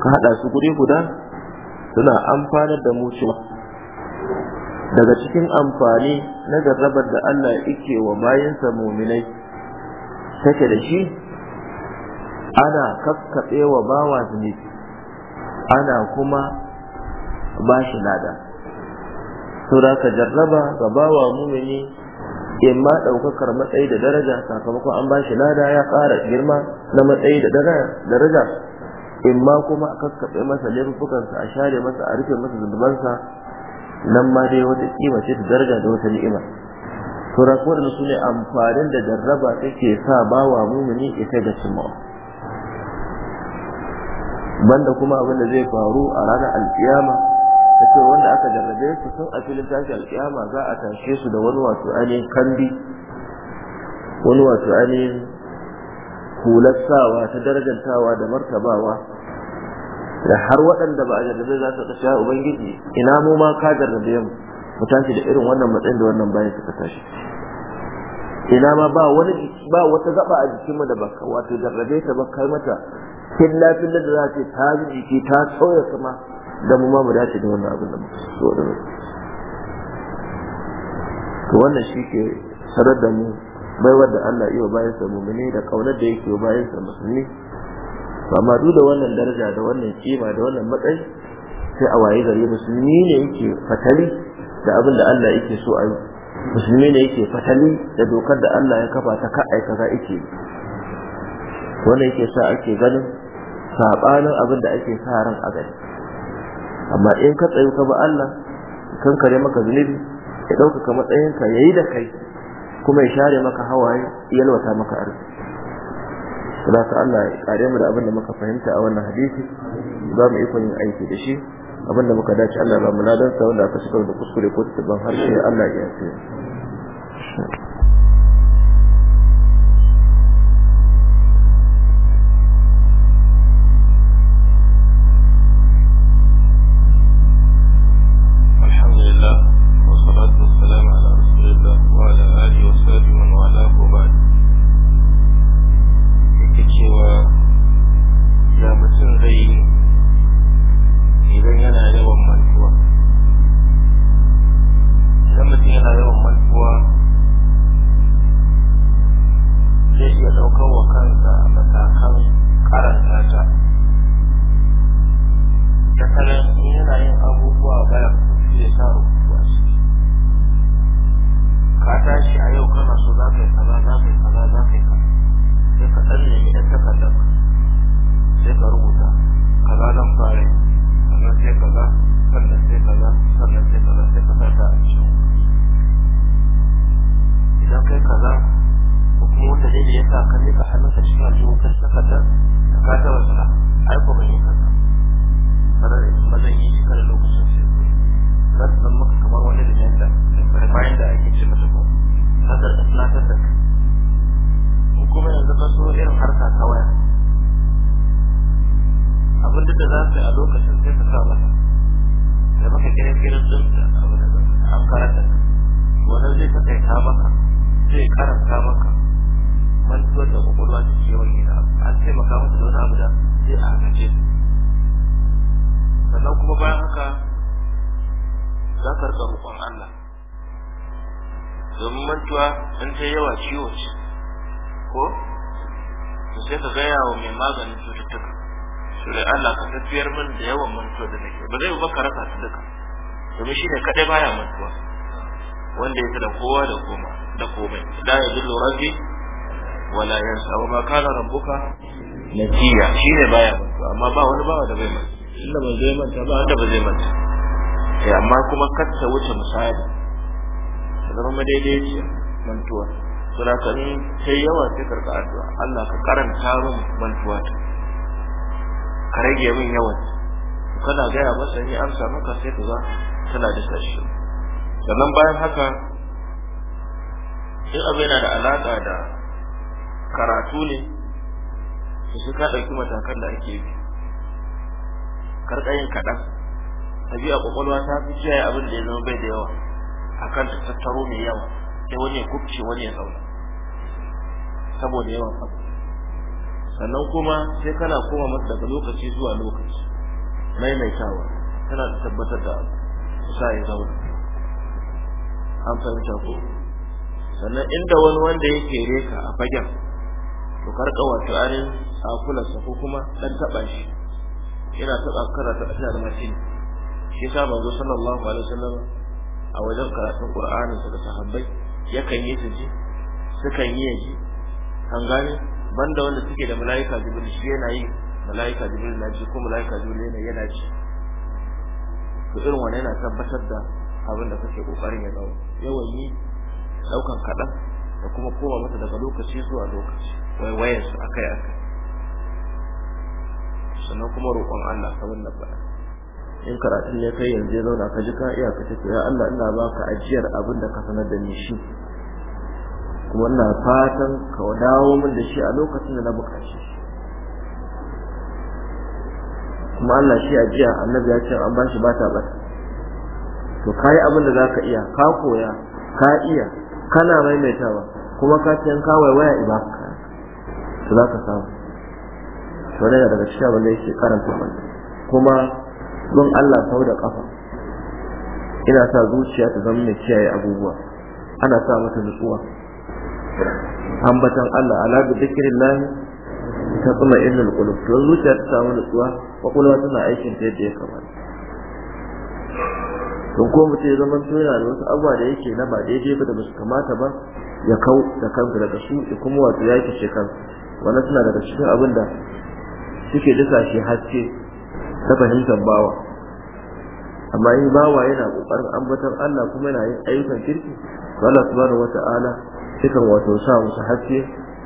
ka hada su guri guda suna amfanar da mu cewa daga cikin amfani na jarrabar da Allah yake wa bayansa muminai take da shi ana kakkaɓe wa bawa ana kuma ba shi lada sura ka jarraba ga bawa mumini imma ɗaukakar matsayi da daraja sakamakon an ba shi lada ya ƙara girma na matsayi da daraja in ma kuma a kakkaɓe masa laifukansa a share masa a rufe masa zunubansa nan ma dai wata kima ce ta daraja da wata ni'ima to rakuwar su ne amfanin da jarraba take sa bawa mumuni ita ga cimawa banda kuma abin da zai faru a ranar alkiyama ta ce wanda aka jarrabe su sun a filin tashi alkiyama za a tashe su da wani wato ainihin kandi wani wato ainihin hulassawa ta darajantawa da martabawa da har waɗanda ba a jarrabe za su tashi ubangiji ina mu ma ka jarrabe mu mu tashi da irin wannan matsayin da wannan bayan suka tashi ina ma ba wani ba wata zaba a jikin mu da ba wato jarrabe ta ba kai mata filla filla da za ta ta jiki ta tsoya kuma da mu ma mu dace da wannan abin da mu so da mu to wannan shi ke sarar da mu baiwar da Allah iya bayan sa mu'mini da kaunar da yake bayan sa musulmi amma duk da wannan daraja da wannan kima da wannan matsayi sai a waye gare musulmi ne yake fatali da abin da Allah yake so a yi musulmi ne yake fatali da dokar da Allah ya kafa ta ka aika za yake wannan yake sa ake ganin sabanin abin da ake sa ran a gani amma in ka tsayu ka ba Allah kan kare maka zunubi ya ɗaukaka matsayinka ya yi da kai kuma ya share maka hawaye yalwata maka arziki da ka Allah ya kare mu da abin da muka fahimta a wannan hadisi za mu iko yin aiki da shi abin da muka dace Allah ya ba mu ladan sa wanda aka shigar da kuskure ko tabban harshe Allah ya yafe sai a lokacin sai ka sa da maka kiran kiran sun ta abu da an karanta wani zai ka kai ta maka zai karanta maka mantuwar da kwakwalwa ta ce yawan gina an maka mata da wani abu da zai a hakace sannan kuma bayan haka za ka rika roƙon Allah domin mantuwa in ta yawa ciwo ce ko sai ka gaya wa mai maganin cututtuka sai Allah ka tafiyar min da yawan mantuwa da nake ba zai baka rasa su duka domin ne kadai baya mantuwa wanda yake da kowa da koma da komai la yadullu rabbi wala yansa wa ma kana rabbuka nasiya ne baya mantuwa amma ba wani bawa da bai manta inda ba zai manta ba wanda ba zai manta eh amma kuma katta wuce misali ta zama madaidaiciya mantuwa sura kan sai yawa sai karka addu'a Allah ka karanta min mantuwa ta ka rage min yawan kana gaya masa ni amsa maka sai ka za tana da sashi sannan bayan haka in abu yana da alaƙa da karatu ne to sai ka ɗauki matakan da ake bi karkayin kaɗan tabi'a kwakwalwa ta fi kiyaye abin da ya zama bai da yawa akan ta tattaro mai yawa sai wani ya kubce wani ya zauna saboda yawan abu sannan kuma sai kana koma masa daga lokaci zuwa lokaci maimaitawa kana tabbatar da sa ya zauna an fahimta ko sannan inda wani wanda ya kere ka a fagen to karka wato arin akularsa ko kuma dan taba shi yana taba karatu a cikin mashin shi yasa manzo sallallahu alaihi wasallam a wajen karatun qur'ani da sahabbai yakan yi su ji sukan yi ji an gane banda wanda suke da malaika jibril shi yana yi malaika jibril na ji ko malaika jibril yana yana ji to irin wannan yana tabbatar da abin da kake kokarin ya zama, yawan yi daukan kadan da kuma koma mata daga lokaci zuwa lokaci wai wayar su akai akai sannan kuma roƙon Allah ka wannan faɗa in karatun ne kai yanzu ya zauna ka ji ka iya ka ce ya Allah ina baka ajiyar abin da ka sanar da ni shi kuma ina fatan ka dawo min da shi a lokacin da na buƙaci kuma Allah shi a jiya annabi ya ce an bashi bata bata to kai abin da zaka iya ka koya ka iya kana maimaitawa kuma ka ce ka waiwaya ibaka to zaka samu to daga daga cikin abin da yake karanta wannan kuma don Allah sau da kafa ina sa zuciya ta zama mai kiyaye abubuwa ana sa mata nutsuwa ambatan Allah ala bi zikrillah ta kuma innal qulub to zuciya ta samu nutsuwa kuma tana aikin ta yadda ya kamata don ko mutum ya zama yana da wasu abuwa da yake na ba daidai ba da musu kamata ba ya kau da kanka daga su kuma wato ya kishe shekar wannan suna daga cikin abin da suke dasa shi haske ta fahimtar bawa amma in bawa yana kokarin ambatan Allah kuma yana yin ayyukan kirki Allah subhanahu wata'ala sukan wato sa musu haske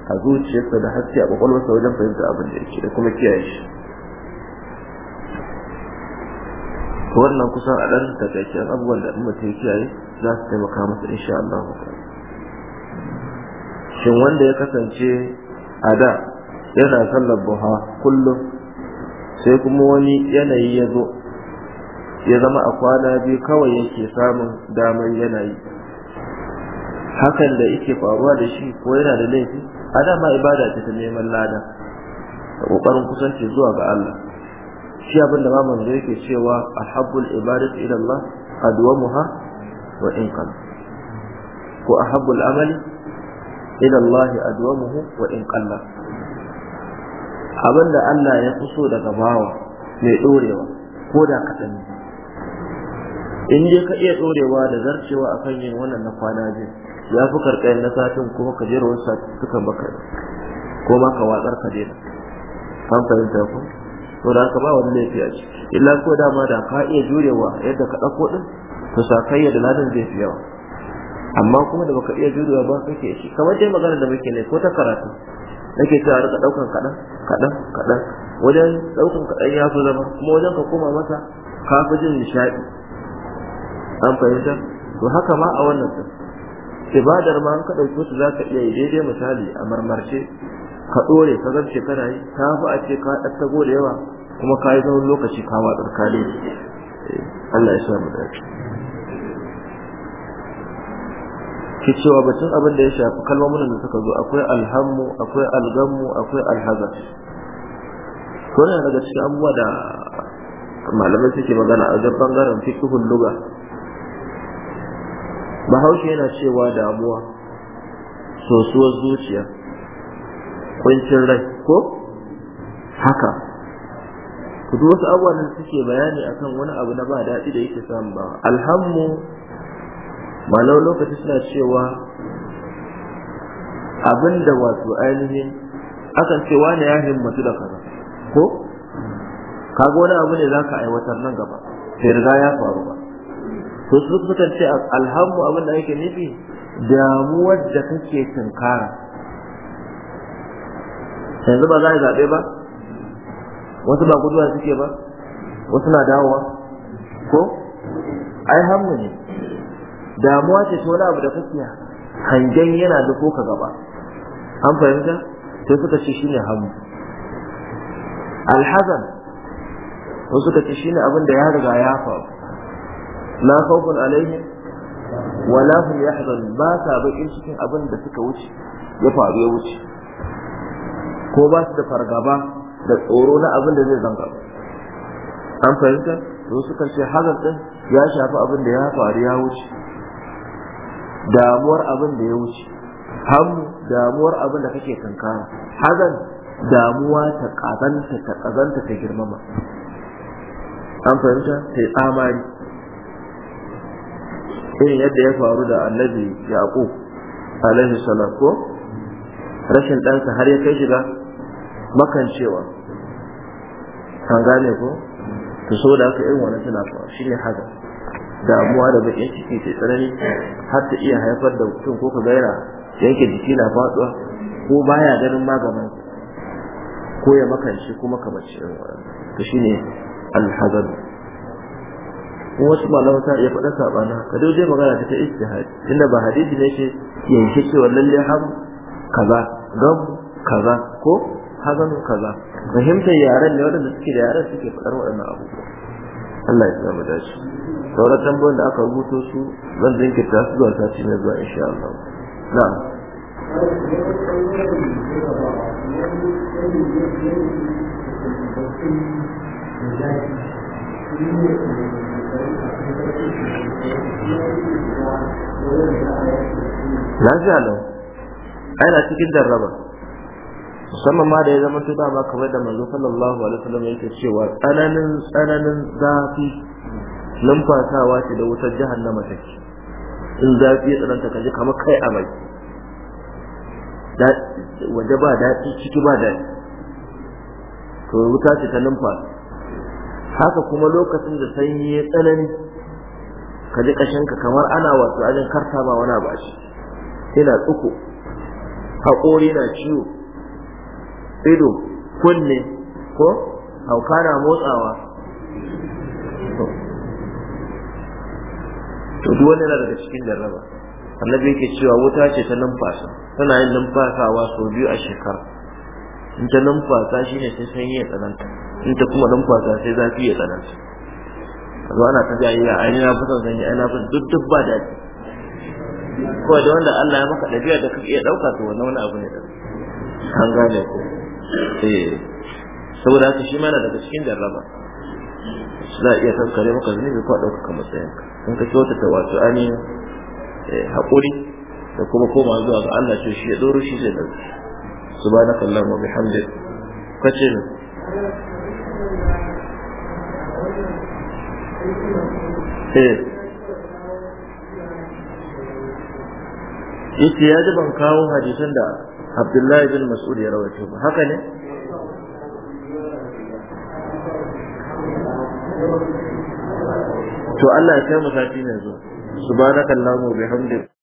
a zuciyarsa da haske a kwakwalwarsa wajen fahimtar abin da yake da kuma kiyaye shi to wannan kusan a ɗan takaiciyar abubuwan da mutum kiyaye za su taimaka masa insha Allah shin wanda ya kasance a da yana sallar buha kullum sai kuma wani yanayi ya zo ya zama a kwana biyu kawai yake samun damar yanayi hakan da yake faruwa da shi ko yana da laifi a dama ibada ce ta neman lada da kokarin kusanci zuwa ga Allah shi abin da mamun da yake cewa ahabbul ibadatu ila Allah adwamuha wa in qal ko ahabbul amali ila Allah adwamuhu wa in qal abin da Allah ya fi so daga bawa mai dorewa ko da kaɗan in dai ka iya dorewa da zarcewa akan yin wannan na kwana biyu ya fi karkayin na satin kuma ka jera wasu suka baka ko ma ka watsar ka jera an fahimta ku to da aka ba wani laifi a ciki illa ko dama da ka iya jurewa yadda ka ɗauko ɗin to sakayya da ladan zai fi yawa amma kuma da baka iya jurewa ba kake shi kamar dai magana da muke ne ko ta karatu nake cewa rika ɗaukan kaɗan kaɗan kaɗan wajen ɗaukan kaɗan ya fi zama kuma wajen ka koma masa ka fi jin nishaɗi an fahimta to haka ma a wannan ibadar ma an ka ɗauki su za ka iya yi daidai misali a marmarce ka ɗore ka zarce kana yi ta fi a ce ka ɗattago da yawa kuma ka yi lokaci ka watsar ka eh, Allah ya sa mu dace ki cewa batun abin da ya shafi kalmomin da suka zo akwai alhammu akwai algammu akwai alhazar Ko ne daga cikin abubuwa da malamai suke magana a bangaren fikihun luga. bahaushe yana cewa damuwa sosuwar zuciya kwancin rai ko haka ku duk wasu abubuwan da suke bayani akan wani abu na ba daɗi da yake samu ba alhammu malau lokaci suna cewa abin da wato ainihin akan cewa na ya himmatu da kaza ko kaga wani abu ne za ka aiwatar nan gaba sai riga ya faru ba to su sukan ce alhamu abin da ake nufi damuwar da kake tunkara yanzu ba za a zaɓe ba wasu ba guduwa suke ba wasu na dawowa ko ai hamu ne damuwa ce ta wani abu da kake hangen yana da koka gaba an fahimta sai suka ce shine hamu. alhazan wasu suka ce shine abin da ya riga ya faru لا خوف عليهم ولا هم يحزن ما تابع sa bakin cikin abin da suka wuce ya faru ya wuce ko ba su da fargaba da tsoro na abin da zai zanga an fahimta to suka ce hazar din ya shafi abin da ya faru ya wuce ya wuce damuwar abin kake damuwa ta kazanta ta kazanta ta girmama an fahimta ta yi tsamari irin yadda ya faru da annabi yaqub alaihi salam ko rashin ɗansa har ya kai shiga makancewa kan gane ko to da haka irin wani tana faruwa shine haka damuwa da bakin ciki ke tsanani har ta iya haifar da mutum ko ka gaira yanke jiki na faduwa ko baya ganin maganin ko ya makanci kuma kamar irin wani to shine alhazar wasu malamu ta iya faɗa saɓana ka dai dai magana ta ta ijtihad inda ba hadisi ne ke yanke cewa lalle ham kaza gam kaza ko hazan kaza fahimtar yaren ne waɗanda suke da yaren suke faɗar waɗannan abubuwa Allah ya samu dace sauran tambayoyin da aka rubuto su zan jinkirta su zuwa sati na zuwa insha Allah na'am Thank you. lafiya lau aina cikin jarraba musamman ma da ya zama tuda ba kamar da manzo sallallahu alaihi wasallam yake cewa tsananin tsananin zafi numfasawa ce da wutar jahannama take in zafi ya tsananta kaji kamar kai amai waje ba daɗi ciki ba daɗi to wuta ce ta numfasa haka kuma lokacin da sanyi ya tsanani ka ji kashinka kamar ana wasu ajin karta ba wani ba shi yana tsuko haƙori na ciwo ido kunne ko hauka na motsawa to duk wani yana daga cikin jarraba annabi yake cewa wuta ce ta numfasa tana yin numfasawa sau biyu a shekara in ta numfasa ne sai sanyi ya tsananta in ta kuma dan kwasa sai zafi ya tsananta zo ana ta jayayya ai na fi son sanyi ai na duk duk ba daɗi Kuma da wanda Allah ya maka ɗabi'a da kake iya ɗauka to wannan wani abu ne da an gane ko eh saboda haka shi mana daga cikin jarraba za a iya taskare maka zunubi ko a ɗaukaka ka in ka kyauta ta wato ainihin eh, haƙuri da kuma koma zuwa ga Allah to shi ya ɗoro shi zai ɗauki subhanakallahumma bihamdik kace ne Eh. yace ya ji ban kawo hadisan da Abdullahi bin Mas'ud ya rawaito ba haka ne to Allah ya kai mu sati ne zo subhanakallahumma bihamdika